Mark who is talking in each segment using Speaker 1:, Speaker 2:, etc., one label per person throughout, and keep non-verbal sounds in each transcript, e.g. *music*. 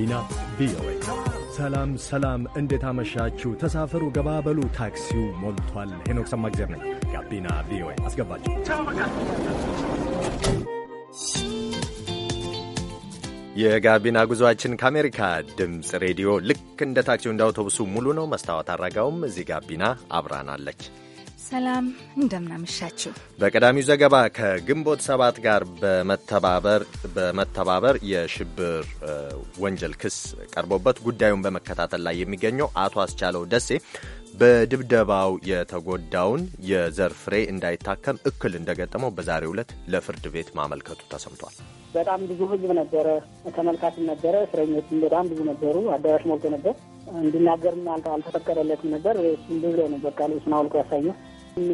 Speaker 1: ጋቢና ቪኦኤ። ሰላም ሰላም፣ እንዴት አመሻችሁ? ተሳፈሩ፣ ገባበሉ፣ ታክሲው ሞልቷል። ሄኖክ ሰማግዜር ነኝ። ጋቢና ቪኦኤ አስገባችሁ። የጋቢና ጉዞአችን ከአሜሪካ ድምፅ ሬዲዮ ልክ እንደ ታክሲው እንደ አውቶቡሱ ሙሉ ነው። መስታወት አድረጋውም እዚህ ጋቢና አብራናለች።
Speaker 2: ሰላም እንደምናመሻችሁ።
Speaker 1: በቀዳሚው ዘገባ ከግንቦት ሰባት ጋር በመተባበር በመተባበር የሽብር ወንጀል ክስ ቀርቦበት ጉዳዩን በመከታተል ላይ የሚገኘው አቶ አስቻለው ደሴ በድብደባው የተጎዳውን የዘር ፍሬ እንዳይታከም እክል እንደገጠመው በዛሬው ዕለት ለፍርድ ቤት ማመልከቱ ተሰምቷል።
Speaker 3: በጣም ብዙ ሕዝብ ነበረ፣ ተመልካችም ነበረ፣ እስረኞችም በጣም ብዙ ነበሩ። አዳራሽ ሞልቶ ነበር። እንዲናገርም አልተፈቀደለትም ነበር። ብዙ ነው በቃ ልብሱን አውልቆ ያሳየው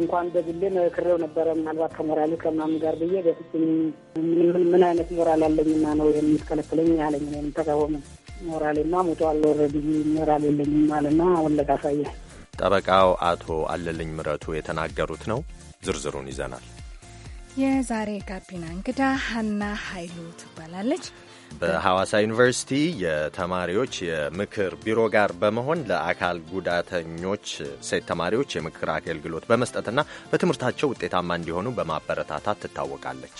Speaker 3: እንኳን በግሌ መክሬው ነበረ። ምናልባት ከሞራሌ ከምናምን ጋር ብዬ በፊት ምን አይነት ሞራል አለኝና ነው የሚስከለክለኝ ያለኝ የምተቃወሙ ሞራሌማ ሞቷል። ኦልሬዲ ሞራል የለኝም አለና አሁን አሳየ።
Speaker 1: ጠበቃው አቶ አለልኝ ምረቱ የተናገሩት ነው። ዝርዝሩን ይዘናል።
Speaker 3: የዛሬ
Speaker 2: ጋቢና እንግዳ ሀና ሀይሉ ትባላለች።
Speaker 1: በሐዋሳ ዩኒቨርሲቲ የተማሪዎች የምክር ቢሮ ጋር በመሆን ለአካል ጉዳተኞች ሴት ተማሪዎች የምክር አገልግሎት በመስጠትና በትምህርታቸው ውጤታማ እንዲሆኑ በማበረታታት ትታወቃለች።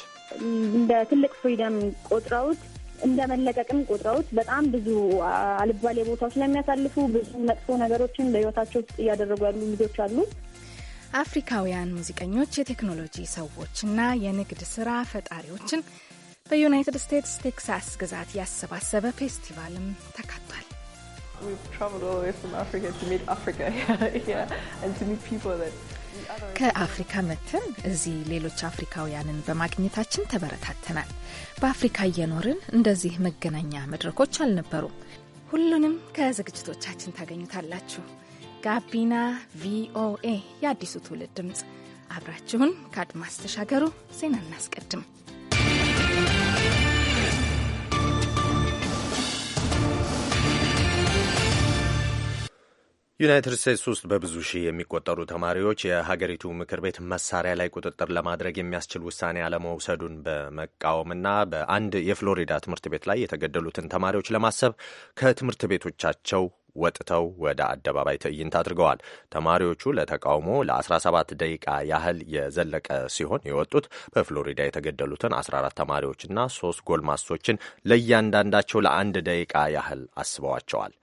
Speaker 4: እንደ ትልቅ ፍሪደም ቆጥረውት እንደ መለቀቅም ቆጥረውት በጣም ብዙ አልባሌ ቦታዎች ለሚያሳልፉ ብዙ መጥፎ ነገሮችን በሕይወታቸው ውስጥ እያደረጉ ያሉ ልጆች አሉ።
Speaker 2: አፍሪካውያን ሙዚቀኞች የቴክኖሎጂ ሰዎችና የንግድ ስራ ፈጣሪዎችን በዩናይትድ ስቴትስ ቴክሳስ ግዛት ያሰባሰበ ፌስቲቫልም
Speaker 5: ተካቷል። *laughs*
Speaker 2: ከአፍሪካ መጥተን እዚህ ሌሎች አፍሪካውያንን በማግኘታችን ተበረታተናል። በአፍሪካ እየኖርን እንደዚህ መገናኛ መድረኮች አልነበሩም። ሁሉንም ከዝግጅቶቻችን ታገኙታላችሁ። ጋቢና ቪኦኤ፣ የአዲሱ ትውልድ ድምፅ። አብራችሁን ከአድማስ ተሻገሩ። ዜና እናስቀድም።
Speaker 1: ዩናይትድ ስቴትስ ውስጥ በብዙ ሺህ የሚቆጠሩ ተማሪዎች የሀገሪቱ ምክር ቤት መሳሪያ ላይ ቁጥጥር ለማድረግ የሚያስችል ውሳኔ አለመውሰዱን በመቃወምና በአንድ የፍሎሪዳ ትምህርት ቤት ላይ የተገደሉትን ተማሪዎች ለማሰብ ከትምህርት ቤቶቻቸው ወጥተው ወደ አደባባይ ትዕይንት አድርገዋል። ተማሪዎቹ ለተቃውሞ ለ17 ደቂቃ ያህል የዘለቀ ሲሆን የወጡት በፍሎሪዳ የተገደሉትን 14 ተማሪዎችና ሶስት ጎልማሶችን ለእያንዳንዳቸው ለአንድ ደቂቃ ያህል አስበዋቸዋል።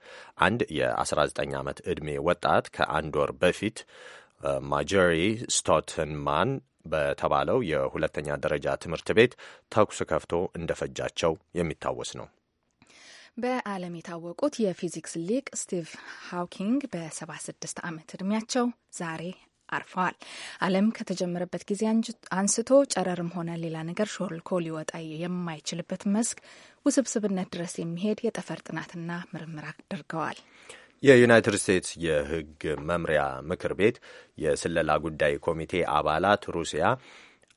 Speaker 1: አንድ የ19 ዓመት ዕድሜ ወጣት ከአንድ ወር በፊት ማጀሪ ስቶትንማን በተባለው የሁለተኛ ደረጃ ትምህርት ቤት ተኩስ ከፍቶ እንደፈጃቸው የሚታወስ ነው።
Speaker 2: በዓለም የታወቁት የፊዚክስ ሊቅ ስቲቭ ሃውኪንግ በ76 ዓመት ዕድሜያቸው ዛሬ አርፈዋል። ዓለም ከተጀመረበት ጊዜ አንስቶ ጨረርም ሆነ ሌላ ነገር ሾልኮ ሊወጣ የማይችልበት መስክ ውስብስብነት ድረስ የሚሄድ የጠፈር ጥናትና ምርምር አድርገዋል።
Speaker 1: የዩናይትድ ስቴትስ የሕግ መምሪያ ምክር ቤት የስለላ ጉዳይ ኮሚቴ አባላት ሩሲያ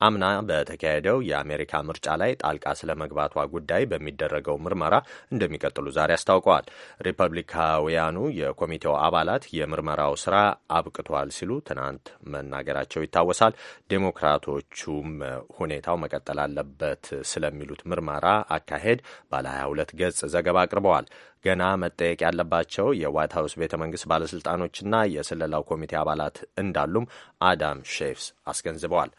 Speaker 1: አምና በተካሄደው የአሜሪካ ምርጫ ላይ ጣልቃ ስለ መግባቷ ጉዳይ በሚደረገው ምርመራ እንደሚቀጥሉ ዛሬ አስታውቀዋል። ሪፐብሊካውያኑ የኮሚቴው አባላት የምርመራው ስራ አብቅቷል ሲሉ ትናንት መናገራቸው ይታወሳል። ዴሞክራቶቹም ሁኔታው መቀጠል አለበት ስለሚሉት ምርመራ አካሄድ ባለ 22 ገጽ ዘገባ አቅርበዋል። ገና መጠየቅ ያለባቸው የዋይት ሀውስ ቤተ መንግስት ባለስልጣኖችና የስለላው ኮሚቴ አባላት እንዳሉም አዳም ሼፍስ አስገንዝበዋል።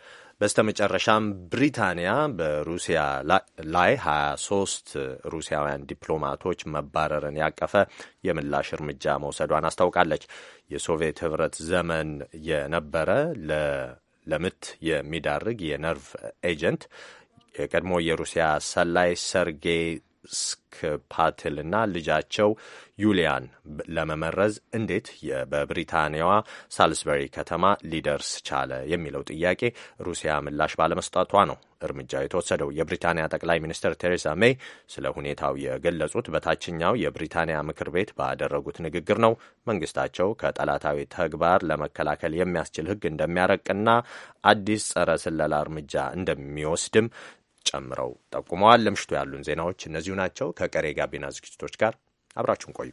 Speaker 1: በስተመጨረሻም ብሪታንያ በሩሲያ ላይ 23 ሩሲያውያን ዲፕሎማቶች መባረርን ያቀፈ የምላሽ እርምጃ መውሰዷን አስታውቃለች። የሶቪየት ህብረት ዘመን የነበረ ለምት የሚዳርግ የነርቭ ኤጀንት የቀድሞ የሩሲያ ሰላይ ሰርጌይ ስክፓትልና ልጃቸው ዩሊያን ለመመረዝ እንዴት በብሪታንያዋ ሳልስበሪ ከተማ ሊደርስ ቻለ የሚለው ጥያቄ ሩሲያ ምላሽ ባለመስጠቷ ነው እርምጃ የተወሰደው። የብሪታንያ ጠቅላይ ሚኒስትር ቴሬሳ ሜይ ስለ ሁኔታው የገለጹት በታችኛው የብሪታንያ ምክር ቤት ባደረጉት ንግግር ነው። መንግስታቸው ከጠላታዊ ተግባር ለመከላከል የሚያስችል ሕግ እንደሚያረቅና አዲስ ጸረ ስለላ እርምጃ እንደሚወስድም ጨምረው ጠቁመዋል። ለምሽቱ ያሉን ዜናዎች እነዚሁ ናቸው። ከቀሬ ጋቢና ዝግጅቶች ጋር አብራችሁን ቆዩ።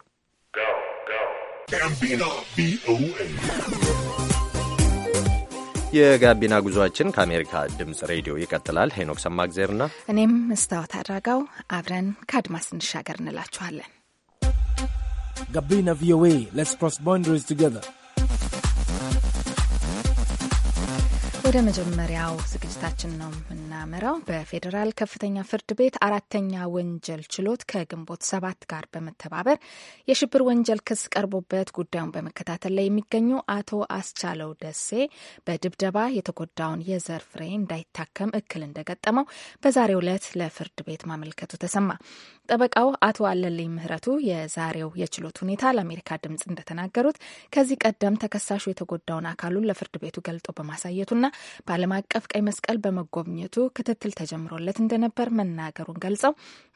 Speaker 1: የጋቢና ጉዟችን ከአሜሪካ ድምፅ ሬዲዮ ይቀጥላል። ሄኖክ ሰማግዜርና
Speaker 2: እኔም መስታወት አድረጋው አብረን ከአድማስ እንሻገር እንላችኋለን። ጋቢና ቪኦኤ ሌትስ ክሮስ ባውንደሪስ ቱጌዘር ወደ መጀመሪያው ዝግጅታችን ነው የምናመራው። በፌዴራል ከፍተኛ ፍርድ ቤት አራተኛ ወንጀል ችሎት ከግንቦት ሰባት ጋር በመተባበር የሽብር ወንጀል ክስ ቀርቦበት ጉዳዩን በመከታተል ላይ የሚገኙ አቶ አስቻለው ደሴ በድብደባ የተጎዳውን የዘር ፍሬ እንዳይታከም እክል እንደገጠመው በዛሬው ዕለት ለፍርድ ቤት ማመልከቱ ተሰማ። ጠበቃው አቶ አለልኝ ምህረቱ የዛሬው የችሎት ሁኔታ ለአሜሪካ ድምጽ እንደተናገሩት ከዚህ ቀደም ተከሳሹ የተጎዳውን አካሉን ለፍርድ ቤቱ ገልጦ በማሳየቱና በዓለም አቀፍ ቀይ መስቀል በመጎብኘቱ ክትትል ተጀምሮለት እንደነበር መናገሩን ገልጸው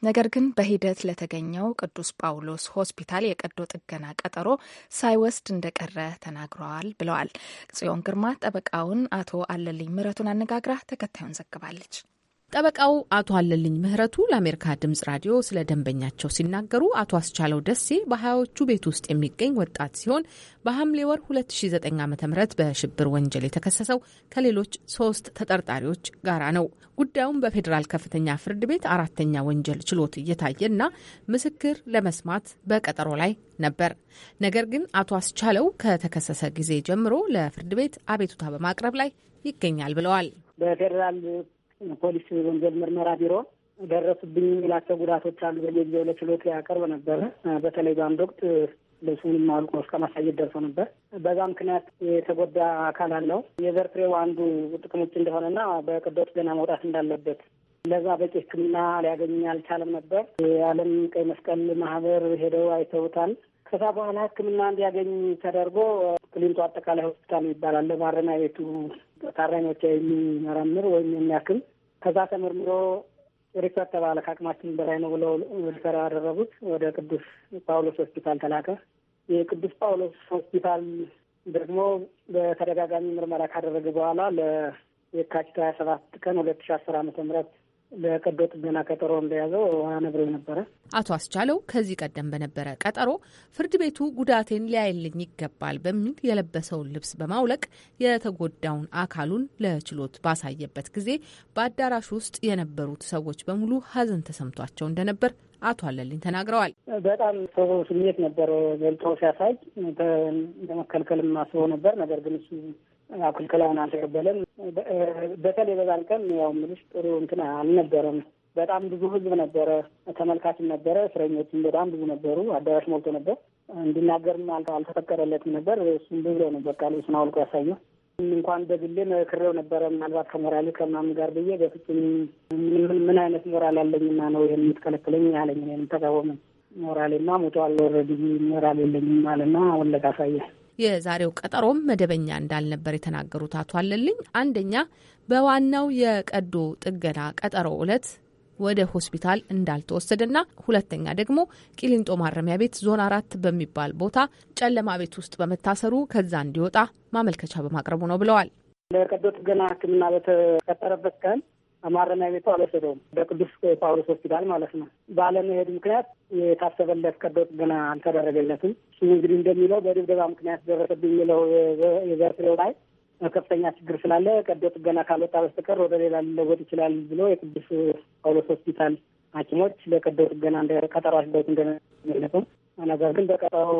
Speaker 2: ነገር ግን በሂደት ለተገኘው ቅዱስ ጳውሎስ ሆስፒታል የቀዶ ጥገና ቀጠሮ ሳይወስድ እንደቀረ ተናግረዋል ብለዋል። ጽዮን ግርማ ጠበቃውን አቶ አለልኝ ምረቱን አነጋግራ ተከታዩን ዘግባለች።
Speaker 6: ጠበቃው አቶ አለልኝ ምህረቱ ለአሜሪካ ድምጽ ራዲዮ ስለ ደንበኛቸው ሲናገሩ አቶ አስቻለው ደሴ በሀያዎቹ ቤት ውስጥ የሚገኝ ወጣት ሲሆን በሐምሌ ወር 2009 ዓ ም በሽብር ወንጀል የተከሰሰው ከሌሎች ሶስት ተጠርጣሪዎች ጋራ ነው። ጉዳዩም በፌዴራል ከፍተኛ ፍርድ ቤት አራተኛ ወንጀል ችሎት እየታየና ምስክር ለመስማት በቀጠሮ ላይ ነበር። ነገር ግን አቶ አስቻለው ከተከሰሰ ጊዜ ጀምሮ ለፍርድ ቤት አቤቱታ በማቅረብ ላይ ይገኛል ብለዋል።
Speaker 3: በፌዴራል ፖሊስ ወንጀል ምርመራ ቢሮ ደረሱብኝ የሚላቸው ጉዳቶች አሉ። በየጊዜው ለችሎት ያቀርብ ነበረ። በተለይ በአንድ ወቅት ልብሱን አውልቆ እስከ ማሳየት ደርሶ ነበር። በዛ ምክንያት የተጎዳ አካል አለው። የዘር ፍሬው አንዱ ጥቅሞች እንደሆነና በቅዶች ገና መውጣት እንዳለበት ለዛ በቂ ሕክምና ሊያገኝ አልቻለም ነበር። የዓለም ቀይ መስቀል ማህበር ሄደው አይተውታል። ከዛ በኋላ ሕክምና እንዲያገኝ ተደርጎ ክሊንቶ አጠቃላይ ሆስፒታል ይባላል ለማረሚያ ቤቱ ታራሚዎች የሚመረምር ወይም የሚያክም ከዛ ተመርምሮ ሪፈር ተባለ። ከአቅማችን በላይ ነው ብለው ሪፈር ያደረጉት ወደ ቅዱስ ጳውሎስ ሆስፒታል ተላከ። የቅዱስ ጳውሎስ ሆስፒታል ደግሞ በተደጋጋሚ ምርመራ ካደረገ በኋላ ለየካቲት ሀያ ሰባት ቀን ሁለት ሺ አስር አመተ ምህረት ለቀዶ ጥገና ቀጠሮ እንደያዘው አነግሮ ነበረ።
Speaker 6: አቶ አስቻለው ከዚህ ቀደም በነበረ ቀጠሮ ፍርድ ቤቱ ጉዳቴን ሊያይልኝ ይገባል በሚል የለበሰውን ልብስ በማውለቅ የተጎዳውን አካሉን ለችሎት ባሳየበት ጊዜ በአዳራሽ ውስጥ የነበሩት ሰዎች በሙሉ ሀዘን ተሰምቷቸው እንደነበር አቶ አለልኝ ተናግረዋል።
Speaker 3: በጣም ሰው ስሜት ነበረ ገልጦ ሲያሳይ ለመከልከልም አስቦ ነበር። ነገር ግን እሱ ክልክላውን አልተቀበለም። በተለይ በዛን ቀን ያው ምልሽ ጥሩ እንትን አልነበረም። በጣም ብዙ ህዝብ ነበረ፣ ተመልካችም ነበረ፣ እስረኞችም በጣም ብዙ ነበሩ። አዳራሽ ሞልቶ ነበር። እንዲናገርም አልተፈቀደለትም ነበር። እሱም ብሎ ነው በቃ ልብሱን አውልቆ ያሳየው። እንኳን በግሌ መክሬው ነበረ። ምናልባት ከሞራሌ ከምናምን ጋር ብዬ በፍጹም ምን አይነት ሞራል ያለኝና ነው ይህን የምትከለክለኝ ያለኝ የምተቃወምን ሞራሌማ ሞቷል። ኦልሬዲ ሞራል የለኝም አለና አወለቅ አሳየ
Speaker 6: የዛሬው ቀጠሮም መደበኛ እንዳልነበር የተናገሩት አቶ አለልኝ አንደኛ በዋናው የቀዶ ጥገና ቀጠሮ ዕለት ወደ ሆስፒታል እንዳልተወሰደና ሁለተኛ ደግሞ ቂሊንጦ ማረሚያ ቤት ዞን አራት በሚባል ቦታ ጨለማ ቤት ውስጥ በመታሰሩ ከዛ እንዲወጣ ማመልከቻ በማቅረቡ ነው ብለዋል።
Speaker 3: ለቀዶ ጥገና ሕክምና በተቀጠረበት ቀን ማረሚያ ቤቱ አልወሰደውም። በቅዱስ ጳውሎስ ሆስፒታል ማለት ነው። ባለመሄድ ምክንያት የታሰበለት ቀዶ ጥገና አልተደረገለትም። እሱ እንግዲህ እንደሚለው በድብደባ ምክንያት ደረሰብኝ የሚለው የዘርትሬው ላይ ከፍተኛ ችግር ስላለ ቀዶ ጥገና ካልወጣ በስተቀር ወደ ሌላ ሊለወጥ ይችላል ብሎ የቅዱስ ጳውሎስ ሆስፒታል ሐኪሞች ለቀዶ ጥገና ቀጠሮ አስደውት እንደነበረ ነገር ግን በቀጠሮ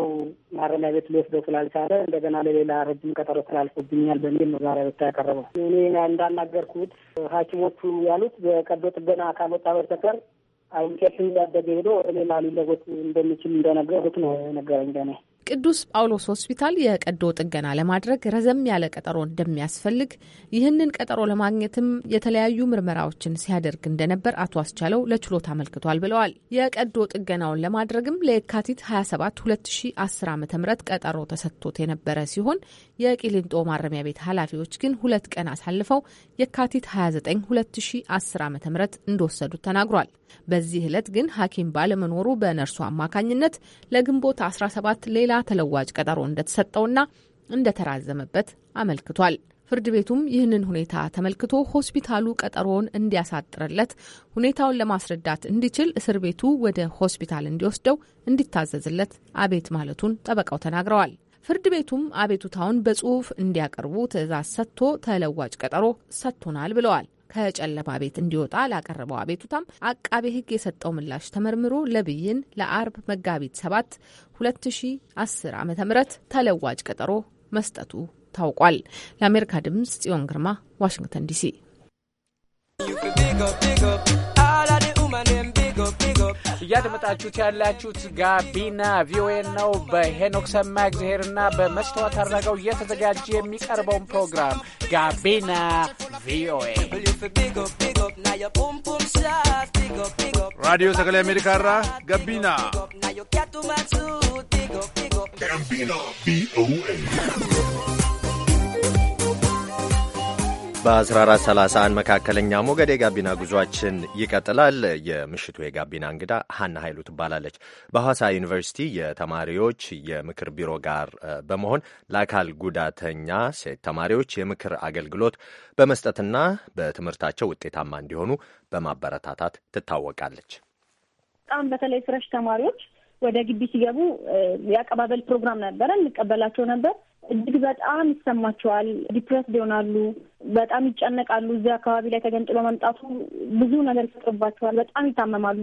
Speaker 3: ማረሚያ ቤት ሊወስደው ስላልቻለ እንደገና ለሌላ ረጅም ቀጠሮ ተላልፎብኛል በሚል ነው ዛሬ ብታ ያቀረበው። እኔ እንዳናገርኩት ሐኪሞቹ ያሉት በቀዶ ጥገና ካልወጣ በስተቀር አይንቄሽን እያደገ ሄዶ ወደ ሌላ ሊለወጥ እንደሚችል እንደነገሩት ነው የነገረኝ ገና
Speaker 6: ቅዱስ ጳውሎስ ሆስፒታል የቀዶ ጥገና ለማድረግ ረዘም ያለ ቀጠሮ እንደሚያስፈልግ ይህንን ቀጠሮ ለማግኘትም የተለያዩ ምርመራዎችን ሲያደርግ እንደነበር አቶ አስቻለው ለችሎት አመልክቷል ብለዋል። የቀዶ ጥገናውን ለማድረግም ለየካቲት 27 2010 ዓ ም ቀጠሮ ተሰጥቶት የነበረ ሲሆን የቂሊንጦ ማረሚያ ቤት ኃላፊዎች ግን ሁለት ቀን አሳልፈው የካቲት 29 2010 ዓ ም እንደወሰዱት ተናግሯል። በዚህ ዕለት ግን ሐኪም ባለመኖሩ በነርሱ አማካኝነት ለግንቦት 17 ሌላ ተለዋጭ ቀጠሮ እንደተሰጠውና እንደተራዘመበት አመልክቷል። ፍርድ ቤቱም ይህንን ሁኔታ ተመልክቶ ሆስፒታሉ ቀጠሮውን እንዲያሳጥርለት፣ ሁኔታውን ለማስረዳት እንዲችል እስር ቤቱ ወደ ሆስፒታል እንዲወስደው እንዲታዘዝለት አቤት ማለቱን ጠበቃው ተናግረዋል። ፍርድ ቤቱም አቤቱታውን በጽሁፍ እንዲያቀርቡ ትዕዛዝ ሰጥቶ ተለዋጭ ቀጠሮ ሰጥቶናል ብለዋል። ከጨለማ ቤት እንዲወጣ ላቀረበው አቤቱታም አቃቤ ሕግ የሰጠው ምላሽ ተመርምሮ ለብይን ለአርብ መጋቢት 7 2010 ዓ ም ተለዋጭ ቀጠሮ መስጠቱ ታውቋል። ለአሜሪካ ድምጽ ጽዮን ግርማ ዋሽንግተን ዲሲ
Speaker 1: እያደመጣችሁት ያላችሁት ጋቢና ቪኦኤ ነው። በሄኖክ ሰማ እግዚአብሔርና በመስተዋት አድረገው እየተዘጋጀ የሚቀርበውን ፕሮግራም ጋቢና ቪኦኤ ራዲዮ ሰገሌ አሜሪካ ራ ጋቢና ጋቢና ቪኦኤ በ1431 መካከለኛ ሞገድ የጋቢና ጉዟችን ይቀጥላል። የምሽቱ የጋቢና እንግዳ ሀና ኃይሉ ትባላለች። በሐዋሳ ዩኒቨርሲቲ የተማሪዎች የምክር ቢሮ ጋር በመሆን ለአካል ጉዳተኛ ሴት ተማሪዎች የምክር አገልግሎት በመስጠትና በትምህርታቸው ውጤታማ እንዲሆኑ በማበረታታት ትታወቃለች።
Speaker 4: በጣም በተለይ ፍረሽ ተማሪዎች ወደ ግቢ ሲገቡ የአቀባበል ፕሮግራም ነበረ፣ እንቀበላቸው ነበር እጅግ በጣም ይሰማቸዋል። ዲፕሬስድ ይሆናሉ። በጣም ይጨነቃሉ። እዚህ አካባቢ ላይ ተገንጥሎ መምጣቱ ብዙ ነገር ይፈጥርባቸዋል። በጣም ይታመማሉ፣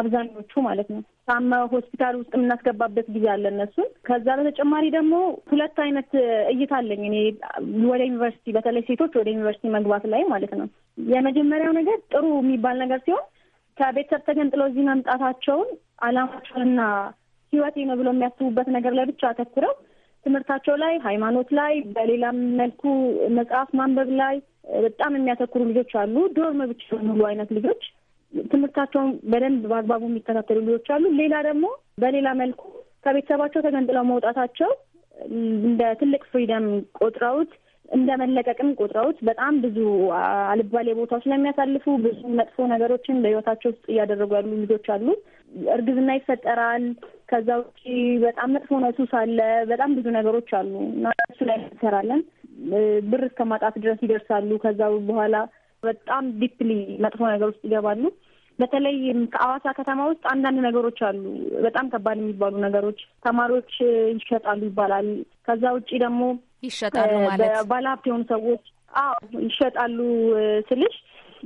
Speaker 4: አብዛኞቹ ማለት ነው። ታመ ሆስፒታል ውስጥ የምናስገባበት ጊዜ አለ እነሱን። ከዛ በተጨማሪ ደግሞ ሁለት አይነት እይታ አለኝ እኔ ወደ ዩኒቨርሲቲ፣ በተለይ ሴቶች ወደ ዩኒቨርሲቲ መግባት ላይ ማለት ነው። የመጀመሪያው ነገር ጥሩ የሚባል ነገር ሲሆን ከቤተሰብ ተገንጥሎ እዚህ መምጣታቸውን አላማቸውንና ህይወቴ ነው ብሎ የሚያስቡበት ነገር ላይ ብቻ አተኩረው ትምህርታቸው ላይ፣ ሃይማኖት ላይ፣ በሌላም መልኩ መጽሐፍ ማንበብ ላይ በጣም የሚያተኩሩ ልጆች አሉ። ዶርም ብቻ የሚውሉ አይነት ልጆች ትምህርታቸውን በደንብ በአግባቡ የሚከታተሉ ልጆች አሉ። ሌላ ደግሞ በሌላ መልኩ ከቤተሰባቸው ተገንጥለው መውጣታቸው እንደ ትልቅ ፍሪደም ቆጥረውት እንደ መለቀቅም ቁጥረውት በጣም ብዙ አልባሌ ቦታዎች ስለሚያሳልፉ ብዙ መጥፎ ነገሮችን በህይወታቸው ውስጥ እያደረጉ ያሉ ልጆች አሉ። እርግዝና ይፈጠራል። ከዛ ውጪ በጣም መጥፎ ነሱስ አለ። በጣም ብዙ ነገሮች አሉ እና እሱ ላይ እንሰራለን። ብር እስከ ማጣት ድረስ ይደርሳሉ። ከዛ በኋላ በጣም ዲፕሊ መጥፎ ነገር ውስጥ ይገባሉ። በተለይ ከአዋሳ ከተማ ውስጥ አንዳንድ ነገሮች አሉ፣ በጣም ከባድ የሚባሉ ነገሮች። ተማሪዎች ይሸጣሉ ይባላል። ከዛ ውጪ ደግሞ ይሸጣሉ ማለት ባለሀብት የሆኑ ሰዎች አዎ ይሸጣሉ ስልሽ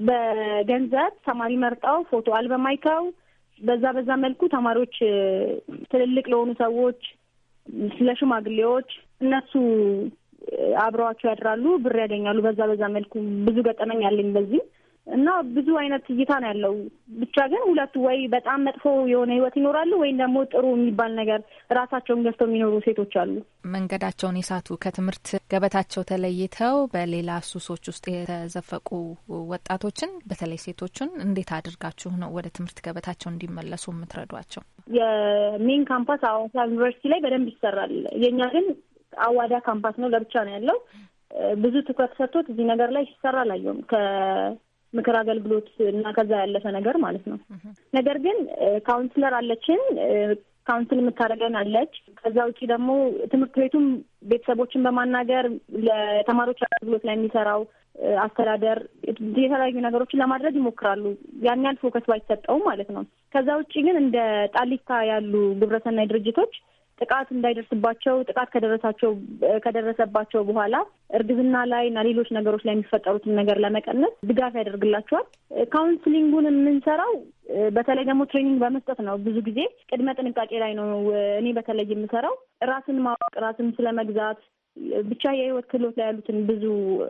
Speaker 4: በገንዘብ ተማሪ መርጠው ፎቶ አልበም አይተው በዛ በዛ መልኩ ተማሪዎች ትልልቅ ለሆኑ ሰዎች ስለ ሽማግሌዎች እነሱ አብረዋቸው ያድራሉ፣ ብር ያገኛሉ። በዛ በዛ መልኩ ብዙ ገጠመኝ አለኝ በዚህ እና ብዙ አይነት እይታ ነው ያለው። ብቻ ግን ሁለቱ ወይ በጣም መጥፎ የሆነ ህይወት ይኖራሉ ወይም ደግሞ ጥሩ የሚባል ነገር ራሳቸውን ገዝተው የሚኖሩ ሴቶች አሉ።
Speaker 2: መንገዳቸውን የሳቱ ከትምህርት ገበታቸው ተለይተው በሌላ ሱሶች ውስጥ የተዘፈቁ ወጣቶችን በተለይ ሴቶችን እንዴት አድርጋችሁ ነው ወደ ትምህርት ገበታቸው እንዲመለሱ የምትረዷቸው?
Speaker 4: የሜን ካምፓስ አዋሳ ዩኒቨርሲቲ ላይ በደንብ ይሰራል። የእኛ ግን አዋዳ ካምፓስ ነው፣ ለብቻ ነው ያለው። ብዙ ትኩረት ሰጥቶት እዚህ ነገር ላይ ሲሰራ አላየሁም። ምክር አገልግሎት እና ከዛ ያለፈ ነገር ማለት ነው። ነገር ግን ካውንስለር አለችን፣ ካውንስል የምታደርገን አለች። ከዛ ውጭ ደግሞ ትምህርት ቤቱም ቤተሰቦችን በማናገር ለተማሪዎች አገልግሎት ላይ የሚሰራው አስተዳደር የተለያዩ ነገሮችን ለማድረግ ይሞክራሉ። ያን ያህል ፎከስ ባይሰጠውም ማለት ነው። ከዛ ውጭ ግን እንደ ጣሊካ ያሉ ግብረሰናይ ድርጅቶች ጥቃት እንዳይደርስባቸው ጥቃት ከደረሳቸው ከደረሰባቸው በኋላ እርግዝና ላይ እና ሌሎች ነገሮች ላይ የሚፈጠሩትን ነገር ለመቀነስ ድጋፍ ያደርግላቸዋል። ካውንስሊንጉን የምንሰራው በተለይ ደግሞ ትሬኒንግ በመስጠት ነው። ብዙ ጊዜ ቅድመ ጥንቃቄ ላይ ነው እኔ በተለይ የምሰራው። ራስን ማወቅ፣ ራስን ስለመግዛት ብቻ የህይወት ክህሎት ላይ ያሉትን ብዙ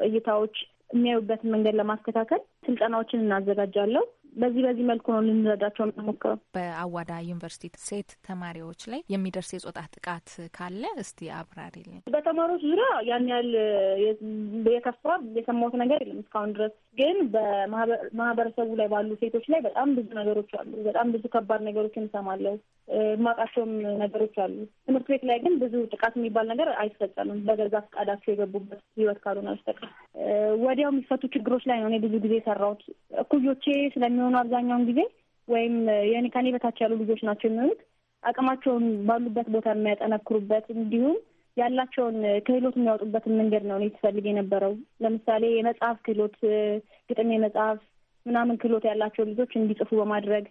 Speaker 4: እይታዎች የሚያዩበትን መንገድ ለማስተካከል ስልጠናዎችን እናዘጋጃለሁ። በዚህ በዚህ መልኩ ነው ልንረዳቸው የምንሞክረው። በአዋዳ ዩኒቨርሲቲ ሴት ተማሪዎች
Speaker 2: ላይ የሚደርስ የጾታ ጥቃት ካለ እስቲ አብራሪልኝ።
Speaker 4: በተማሪዎች ዙሪያ ያን ያህል የከፋ የሰማሁት ነገር የለም እስካሁን ድረስ። ግን በማህበረሰቡ ላይ ባሉ ሴቶች ላይ በጣም ብዙ ነገሮች አሉ። በጣም ብዙ ከባድ ነገሮች እንሰማለሁ። ማቃቸውም ነገሮች አሉ። ትምህርት ቤት ላይ ግን ብዙ ጥቃት የሚባል ነገር አይፈጸምም። በገዛ ፈቃዳቸው የገቡበት ህይወት ካልሆነ በስተቀር ወዲያው የሚፈቱ ችግሮች ላይ ነው እኔ ብዙ ጊዜ የሰራሁት እኩዮቼ ስለሚ የሚሆኑ አብዛኛውን ጊዜ ወይም የኔ ከኔ በታች ያሉ ልጆች ናቸው የሚሆኑት አቅማቸውን ባሉበት ቦታ የሚያጠነክሩበት እንዲሁም ያላቸውን ክህሎት የሚያወጡበትን መንገድ ነው ትፈልግ የነበረው። ለምሳሌ የመጽሐፍ ክህሎት፣ ግጥም የመጽሐፍ ምናምን ክህሎት ያላቸው ልጆች እንዲጽፉ በማድረግ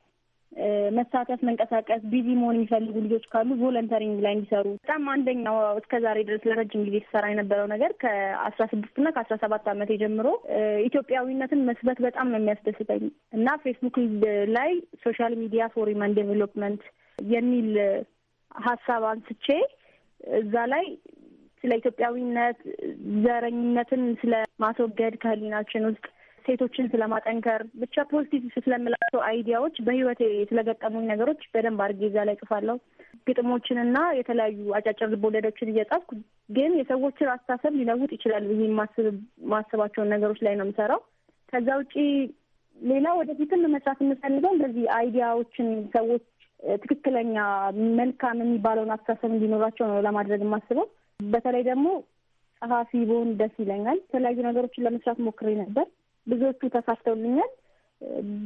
Speaker 4: መሳተፍ፣ መንቀሳቀስ፣ ቢዚ መሆን የሚፈልጉ ልጆች ካሉ ቮለንተሪንግ ላይ እንዲሰሩ በጣም አንደኛው እስከዛሬ ድረስ ለረጅም ጊዜ የተሰራ የነበረው ነገር ከአስራ ስድስት ና ከአስራ ሰባት ዓመቴ ጀምሮ ኢትዮጵያዊነትን መስበት በጣም ነው የሚያስደስተኝ እና ፌስቡክ ላይ ሶሻል ሚዲያ ፎር ዴቨሎፕመንት የሚል ሀሳብ አንስቼ እዛ ላይ ስለ ኢትዮጵያዊነት፣ ዘረኝነትን ስለ ማስወገድ ከህሊናችን ውስጥ ሴቶችን ስለማጠንከር ብቻ ፖዚቲቭ ስለምላቸው አይዲያዎች በህይወቴ ስለገጠሙኝ ነገሮች በደንብ አድርጌ እዛ ላይ ጽፋለሁ። ግጥሞችንና የተለያዩ አጫጭር ልቦለዶችን እየጻፍኩ ግን የሰዎችን አስተሳሰብ ሊለውጥ ይችላል ብዬ ማስባቸውን ነገሮች ላይ ነው የምሰራው። ከዛ ውጪ ሌላ ወደፊትም መስራት የምፈልገው እንደዚህ አይዲያዎችን ሰዎች ትክክለኛ መልካም የሚባለውን አስተሳሰብ እንዲኖራቸው ነው ለማድረግ የማስበው። በተለይ ደግሞ ጸሐፊ ብሆን ደስ ይለኛል። የተለያዩ ነገሮችን ለመስራት ሞክሬ ነበር። ብዙዎቹ ተሳስተውልኛል፣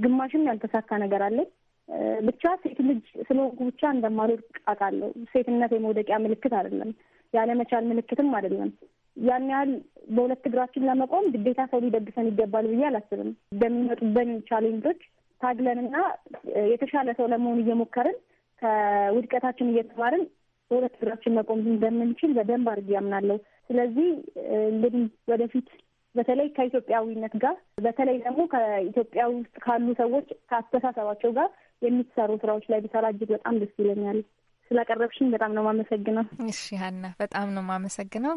Speaker 4: ግማሽም ያልተሳካ ነገር አለኝ። ብቻ ሴት ልጅ ስለሆንኩ ብቻ እንደማልወድቅ አውቃለሁ። ሴትነት የመውደቂያ ምልክት አይደለም፣ ያለመቻል ምልክትም አይደለም። ያን ያህል በሁለት እግራችን ለመቆም ግዴታ ሰው ሊደግፈን ይገባል ብዬ አላስብም። በሚመጡበን ቻሌንጆች ታግለንና የተሻለ ሰው ለመሆን እየሞከርን ከውድቀታችን እየተማርን በሁለት እግራችን መቆም እንደምንችል በደንብ አድርጌ ያምናለሁ። ስለዚህ እንግዲህ ወደፊት በተለይ ከኢትዮጵያዊነት ጋር በተለይ ደግሞ ከኢትዮጵያ ውስጥ ካሉ ሰዎች ከአስተሳሰባቸው ጋር የሚሰሩ ስራዎች ላይ ቢሰራ እጅግ በጣም ደስ ይለኛል። ስላቀረብሽኝ በጣም ነው ማመሰግነው። እሺ ሀና፣ በጣም ነው ማመሰግነው።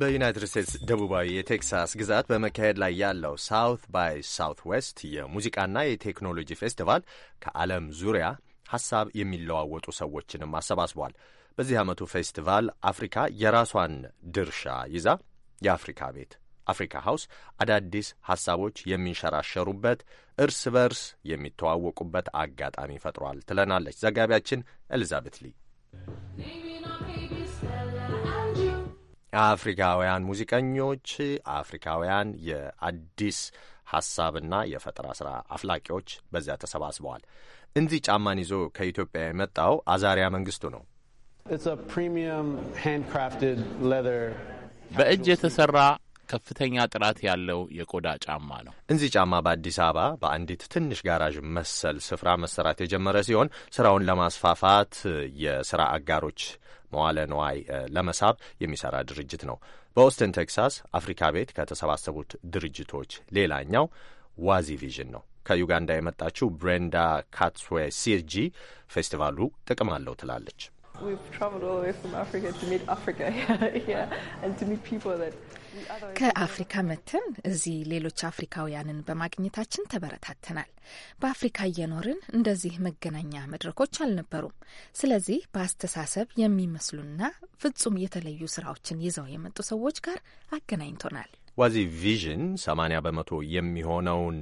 Speaker 1: በዩናይትድ ስቴትስ ደቡባዊ የቴክሳስ ግዛት በመካሄድ ላይ ያለው ሳውት ባይ ሳውት ዌስት የሙዚቃና የቴክኖሎጂ ፌስቲቫል ከዓለም ዙሪያ ሀሳብ የሚለዋወጡ ሰዎችንም አሰባስቧል። በዚህ ዓመቱ ፌስቲቫል አፍሪካ የራሷን ድርሻ ይዛ የአፍሪካ ቤት አፍሪካ ሀውስ አዳዲስ ሀሳቦች የሚንሸራሸሩበት እርስ በርስ የሚተዋወቁበት አጋጣሚ ፈጥሯል ትለናለች ዘጋቢያችን ኤልዛቤት ሊ። አፍሪካውያን ሙዚቀኞች፣ አፍሪካውያን የአዲስ ሀሳብና የፈጠራ ስራ አፍላቂዎች በዚያ ተሰባስበዋል። እንዚህ ጫማን ይዞ ከኢትዮጵያ የመጣው አዛሪያ መንግስቱ ነው። በእጅ የተሰራ ከፍተኛ ጥራት ያለው የቆዳ ጫማ ነው። እንዚህ ጫማ በአዲስ አበባ በአንዲት ትንሽ ጋራዥ መሰል ስፍራ መሰራት የጀመረ ሲሆን ስራውን ለማስፋፋት የስራ አጋሮች መዋለ ነዋይ ለመሳብ የሚሰራ ድርጅት ነው። በኦስተን ቴክሳስ አፍሪካ ቤት ከተሰባሰቡት ድርጅቶች ሌላኛው ዋዚ ቪዥን ነው። ከዩጋንዳ የመጣችው ብሬንዳ ካትስዌ ሲርጂ ፌስቲቫሉ ጥቅም አለው ትላለች። *laughs*
Speaker 2: ከአፍሪካ መጥተን እዚህ ሌሎች አፍሪካውያንን በማግኘታችን ተበረታተናል። በአፍሪካ እየኖርን እንደዚህ መገናኛ መድረኮች አልነበሩም። ስለዚህ በአስተሳሰብ የሚመስሉና ፍጹም የተለዩ ስራዎችን ይዘው የመጡ ሰዎች ጋር አገናኝቶናል።
Speaker 1: ዋዚ ቪዥን 80 በመቶ የሚሆነውን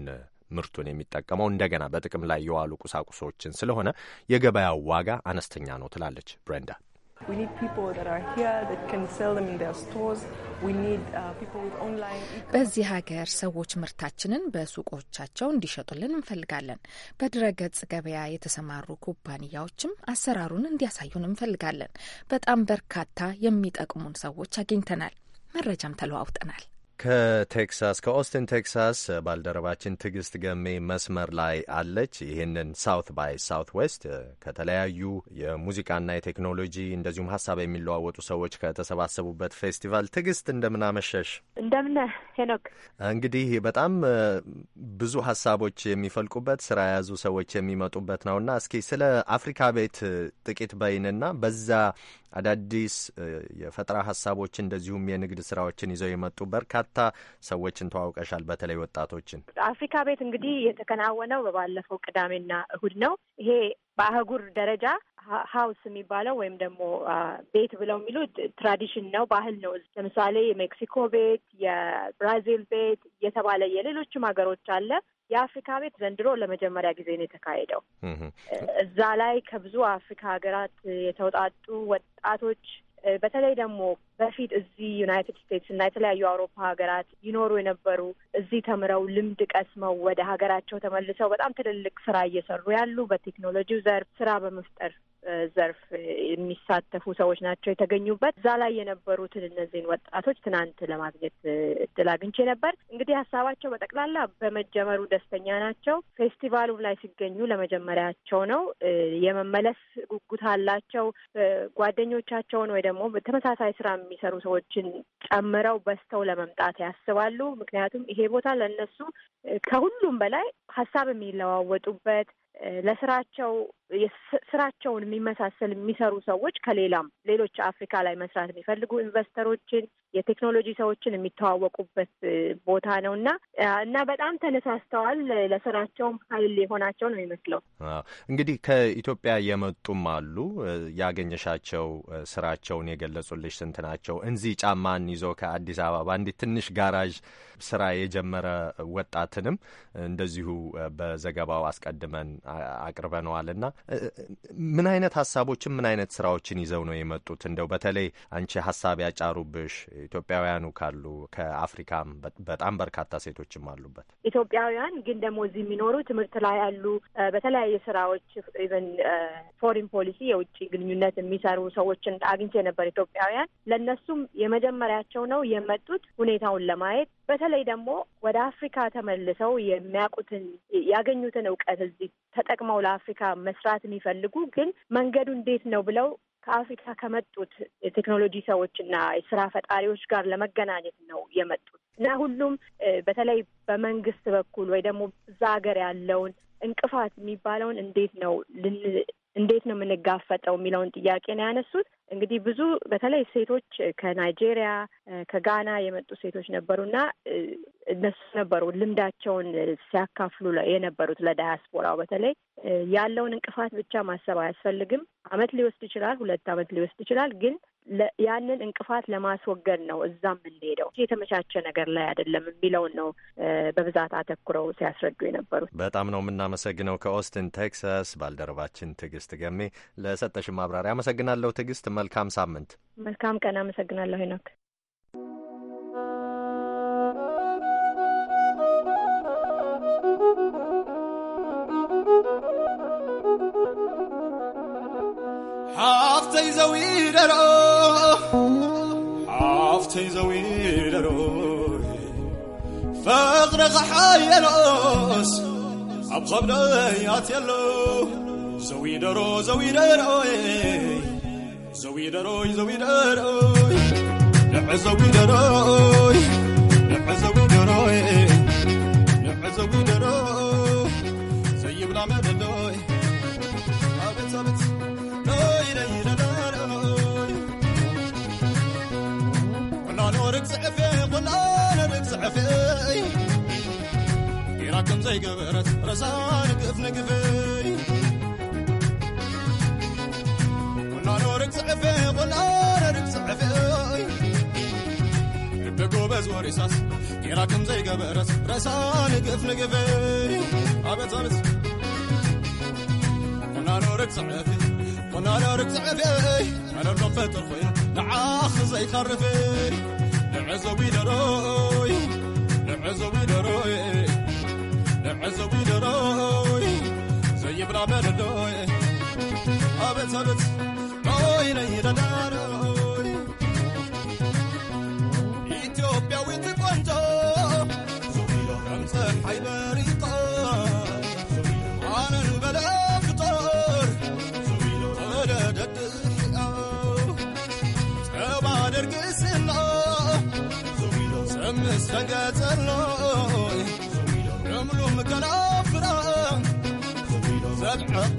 Speaker 1: ምርቱን የሚጠቀመው እንደገና በጥቅም ላይ የዋሉ ቁሳቁሶችን ስለሆነ የገበያው ዋጋ አነስተኛ ነው ትላለች ብሬንዳ።
Speaker 5: Uh,
Speaker 2: በዚህ ሀገር ሰዎች ምርታችንን በሱቆቻቸው እንዲሸጡልን እንፈልጋለን። በድረገጽ ገበያ የተሰማሩ ኩባንያዎችም አሰራሩን እንዲያሳዩን እንፈልጋለን። በጣም በርካታ የሚጠቅሙን ሰዎች አግኝተናል። መረጃም ተለዋውጠናል።
Speaker 1: ከቴክሳስ ከኦስቲን ቴክሳስ ባልደረባችን ትዕግስት ገሜ መስመር ላይ አለች። ይህንን ሳውት ባይ ሳውት ዌስት ከተለያዩ የሙዚቃና የቴክኖሎጂ እንደዚሁም ሀሳብ የሚለዋወጡ ሰዎች ከተሰባሰቡበት ፌስቲቫል። ትዕግስት እንደምን አመሸሽ?
Speaker 7: እንደምን ሄኖክ።
Speaker 1: እንግዲህ በጣም ብዙ ሀሳቦች የሚፈልቁበት ስራ የያዙ ሰዎች የሚመጡበት ነውና እስኪ ስለ አፍሪካ ቤት ጥቂት በይንና በዛ አዳዲስ የፈጠራ ሀሳቦችን እንደዚሁም የንግድ ስራዎችን ይዘው የመጡ በርካታ ሰዎችን ተዋውቀሻል፣ በተለይ ወጣቶችን።
Speaker 7: አፍሪካ ቤት እንግዲህ የተከናወነው በባለፈው ቅዳሜና እሁድ ነው። ይሄ በአህጉር ደረጃ ሀውስ የሚባለው ወይም ደግሞ ቤት ብለው የሚሉት ትራዲሽን ነው፣ ባህል ነው። ለምሳሌ የሜክሲኮ ቤት፣ የብራዚል ቤት እየተባለ የሌሎችም ሀገሮች አለ። የአፍሪካ ቤት ዘንድሮ ለመጀመሪያ ጊዜ ነው የተካሄደው። እዛ ላይ ከብዙ አፍሪካ ሀገራት የተውጣጡ ወጣቶች በተለይ ደግሞ በፊት እዚህ ዩናይትድ ስቴትስ እና የተለያዩ አውሮፓ ሀገራት ይኖሩ የነበሩ እዚህ ተምረው ልምድ ቀስመው ወደ ሀገራቸው ተመልሰው በጣም ትልልቅ ስራ እየሰሩ ያሉ በቴክኖሎጂው ዘርፍ ስራ በመፍጠር ዘርፍ የሚሳተፉ ሰዎች ናቸው የተገኙበት። እዛ ላይ የነበሩትን እነዚህን ወጣቶች ትናንት ለማግኘት እድል አግኝቼ ነበር። እንግዲህ ሀሳባቸው በጠቅላላ በመጀመሩ ደስተኛ ናቸው። ፌስቲቫሉም ላይ ሲገኙ ለመጀመሪያቸው ነው። የመመለስ ጉጉት አላቸው። ጓደኞቻቸውን ወይ ደግሞ ተመሳሳይ ስራ የሚሰሩ ሰዎችን ጨምረው በዝተው ለመምጣት ያስባሉ። ምክንያቱም ይሄ ቦታ ለእነሱ ከሁሉም በላይ ሀሳብ የሚለዋወጡበት ለስራቸው ስራቸውን የሚመሳሰል የሚሰሩ ሰዎች ከሌላም ሌሎች አፍሪካ ላይ መስራት የሚፈልጉ ኢንቨስተሮችን፣ የቴክኖሎጂ ሰዎችን የሚተዋወቁበት ቦታ ነው እና እና በጣም ተነሳስተዋል። ለስራቸውም ኃይል የሆናቸው ነው የሚመስለው።
Speaker 1: እንግዲህ ከኢትዮጵያ የመጡም አሉ። ያገኘሻቸው ስራቸውን የገለጹልሽ ስንት ናቸው? እንዚህ ጫማን ይዞ ከአዲስ አበባ እንዲህ ትንሽ ጋራዥ ስራ የጀመረ ወጣትንም እንደዚሁ በዘገባው አስቀድመን እና ምን አይነት ሀሳቦችን ምን አይነት ስራዎችን ይዘው ነው የመጡት? እንደው በተለይ አንቺ ሀሳብ ያጫሩብሽ ኢትዮጵያውያኑ ካሉ ከአፍሪካም በጣም በርካታ ሴቶችም አሉበት
Speaker 7: ኢትዮጵያውያን፣ ግን ደግሞ እዚህ የሚኖሩ ትምህርት ላይ ያሉ በተለያየ ስራዎች ኢቨን ፎሪን ፖሊሲ የውጭ ግንኙነት የሚሰሩ ሰዎችን አግኝቼ ነበር ኢትዮጵያውያን። ለእነሱም የመጀመሪያቸው ነው የመጡት ሁኔታውን ለማየት በተለይ ደግሞ ወደ አፍሪካ ተመልሰው የሚያውቁትን ያገኙትን እውቀት እዚህ ተጠቅመው ለአፍሪካ መስራት መስራት የሚፈልጉ ግን መንገዱ እንዴት ነው ብለው ከአፍሪካ ከመጡት የቴክኖሎጂ ሰዎች እና የስራ ፈጣሪዎች ጋር ለመገናኘት ነው የመጡት እና ሁሉም በተለይ በመንግስት በኩል ወይ ደግሞ እዛ ሀገር ያለውን እንቅፋት የሚባለውን እንዴት ነው እንዴት ነው የምንጋፈጠው የሚለውን ጥያቄ ነው ያነሱት። እንግዲህ ብዙ በተለይ ሴቶች ከናይጄሪያ ከጋና የመጡ ሴቶች ነበሩና እነሱ ነበሩ ልምዳቸውን ሲያካፍሉ የነበሩት ለዳያስፖራው በተለይ ያለውን እንቅፋት ብቻ ማሰብ አያስፈልግም። አመት ሊወስድ ይችላል፣ ሁለት አመት ሊወስድ ይችላል። ግን ያንን እንቅፋት ለማስወገድ ነው እዛ የምንሄደው፣ የተመቻቸ ነገር ላይ አይደለም የሚለውን ነው በብዛት አተኩረው ሲያስረዱ የነበሩት።
Speaker 1: በጣም ነው የምናመሰግነው ከኦስትን ቴክሳስ ባልደረባችን ትዕግስት ገሜ ለሰጠሽ ማብራሪያ አመሰግናለሁ። ትዕግስት መልካም ሳምንት፣
Speaker 7: መልካም ቀን። አመሰግናለሁ ሄኖክ።
Speaker 5: حافتي زوي درو حافتي زوي درو فقر غحاي الأس أبخب ديات يلو زوي درو زوي درو زوي درو زوي درو زوي درو carver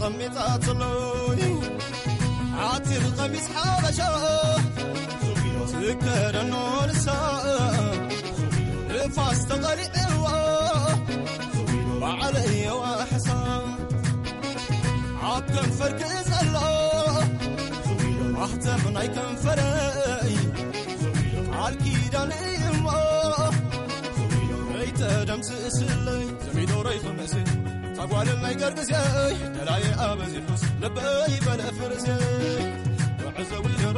Speaker 5: ተቐሚጣትለይ ዓቲር ቀሚስ ሓበሻ ሱፊሎ ዝከረኖ ንሳ ንፋስ ተቐሊዕዋ ባዕለየዋ ሕሳ ኣብ ከንፈርክእዘሎ ማሕተብ ናይ ከንፈረይ ዓልኪዳንእሞ ረይተደምስእስለይ ዘሚዶረይኸመስ ታጓል ናይገር ግዜ ተላየ ኣበዚሑስ ልበይ በልፍርሴ ውዕዘዊ ጀሮ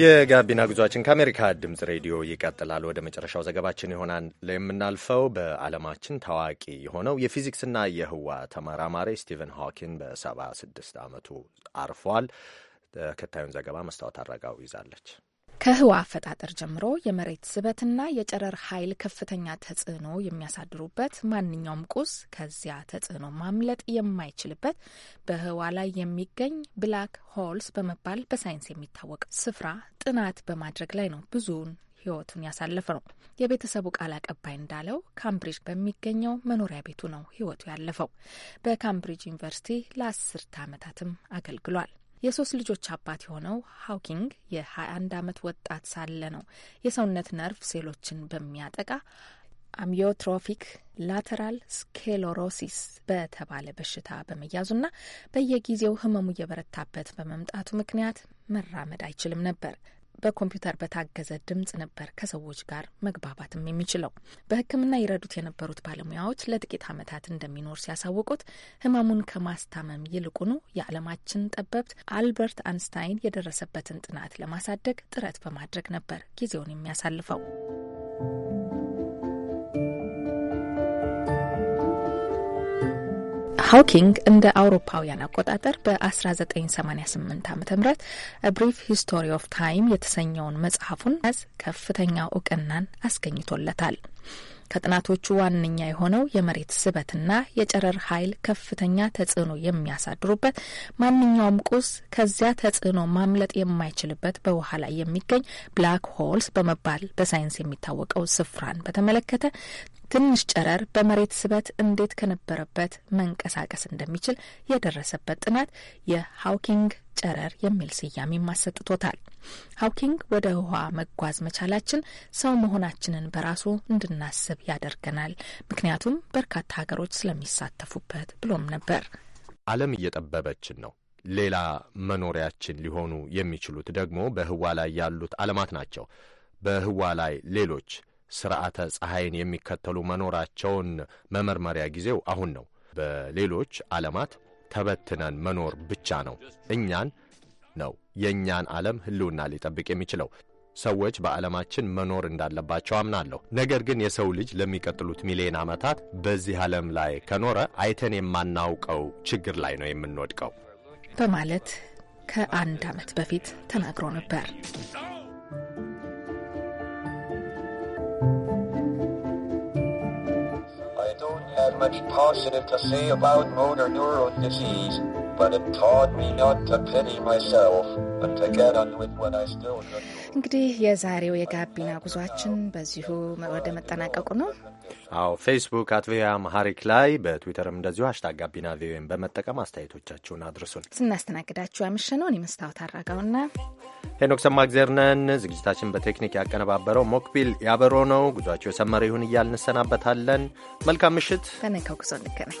Speaker 1: የጋቢና ጉዟችን ከአሜሪካ ድምፅ ሬዲዮ ይቀጥላል። ወደ መጨረሻው ዘገባችን ይሆናል የምናልፈው። በዓለማችን ታዋቂ የሆነው የፊዚክስና የህዋ ተመራማሪ ስቲቨን ሆኪን በ76 ዓመቱ አርፏል። ተከታዩን ዘገባ መስታወት አረጋው ይዛለች።
Speaker 2: ከህዋ አፈጣጠር ጀምሮ የመሬት ስበትና የጨረር ኃይል ከፍተኛ ተጽዕኖ የሚያሳድሩበት ማንኛውም ቁስ ከዚያ ተጽዕኖ ማምለጥ የማይችልበት በህዋ ላይ የሚገኝ ብላክ ሆልስ በመባል በሳይንስ የሚታወቅ ስፍራ ጥናት በማድረግ ላይ ነው ብዙውን ህይወቱን ያሳለፈ ነው። የቤተሰቡ ቃል አቀባይ እንዳለው ካምብሪጅ በሚገኘው መኖሪያ ቤቱ ነው ህይወቱ ያለፈው። በካምብሪጅ ዩኒቨርሲቲ ለአስርተ ዓመታትም አገልግሏል። የሶስት ልጆች አባት የሆነው ሀውኪንግ የ21 ዓመት ወጣት ሳለ ነው የሰውነት ነርቭ ሴሎችን በሚያጠቃ አምዮትሮፊክ ላተራል ስኬሎሮሲስ በተባለ በሽታ በመያዙና በየጊዜው ህመሙ እየበረታበት በመምጣቱ ምክንያት መራመድ አይችልም ነበር። በኮምፒውተር በታገዘ ድምጽ ነበር ከሰዎች ጋር መግባባትም የሚችለው። በሕክምና ይረዱት የነበሩት ባለሙያዎች ለጥቂት ዓመታት እንደሚኖር ሲያሳውቁት ህመሙን ከማስታመም ይልቁኑ የዓለማችን ጠበብት አልበርት አንስታይን የደረሰበትን ጥናት ለማሳደግ ጥረት በማድረግ ነበር ጊዜውን የሚያሳልፈው። ሀውኪንግ እንደ አውሮፓውያን አቆጣጠር በ1988 ዓ ም ብሪፍ ሂስቶሪ ኦፍ ታይም የተሰኘውን መጽሐፉን ያዝ ከፍተኛ እውቅናን አስገኝቶለታል። ከጥናቶቹ ዋነኛ የሆነው የመሬት ስበትና የጨረር ኃይል ከፍተኛ ተጽዕኖ የሚያሳድሩበት ማንኛውም ቁስ ከዚያ ተጽዕኖ ማምለጥ የማይችልበት በውሃ ላይ የሚገኝ ብላክ ሆልስ በመባል በሳይንስ የሚታወቀው ስፍራን በተመለከተ ትንሽ ጨረር በመሬት ስበት እንዴት ከነበረበት መንቀሳቀስ እንደሚችል የደረሰበት ጥናት የሃውኪንግ ጨረር የሚል ስያሜም አሰጥቶታል። ሃውኪንግ ወደ ውሃ መጓዝ መቻላችን ሰው መሆናችንን በራሱ እንድናስብ ያደርገናል፣ ምክንያቱም በርካታ ሀገሮች ስለሚሳተፉበት ብሎም ነበር።
Speaker 1: ዓለም እየጠበበችን ነው። ሌላ መኖሪያችን ሊሆኑ የሚችሉት ደግሞ በህዋ ላይ ያሉት ዓለማት ናቸው። በህዋ ላይ ሌሎች ስርዓተ ፀሐይን የሚከተሉ መኖራቸውን መመርመሪያ ጊዜው አሁን ነው። በሌሎች ዓለማት ተበትነን መኖር ብቻ ነው እኛን ነው የእኛን ዓለም ህልውና ሊጠብቅ የሚችለው። ሰዎች በዓለማችን መኖር እንዳለባቸው አምናለሁ። ነገር ግን የሰው ልጅ ለሚቀጥሉት ሚሊዮን ዓመታት በዚህ ዓለም ላይ ከኖረ አይተን የማናውቀው ችግር ላይ ነው የምንወድቀው
Speaker 2: በማለት ከአንድ ዓመት በፊት ተናግሮ ነበር።
Speaker 7: much positive to say about motor neuron disease.
Speaker 2: እንግዲህ የዛሬው የጋቢና ጉዟችን በዚሁ ወደ መጠናቀቁ ነው።
Speaker 1: አዎ ፌስቡክ አት ቪኦኤ አማሃሪክ ላይ በትዊተርም እንደዚሁ ሀሽታግ ጋቢና ቪኦኤን በመጠቀም አስተያየቶቻችሁን አድርሱን።
Speaker 2: ስናስተናግዳችሁ ያመሸነውን የመስታወት አራጋውና
Speaker 1: ሄኖክ ሰማእግዜር ነን። ዝግጅታችን በቴክኒክ ያቀነባበረው ሞክቢል ያበሮ ነው። ጉዟቸው የሰመረ ይሁን እያል እንሰናበታለን። መልካም ምሽት። በነገው ጉዞ እንገናኝ።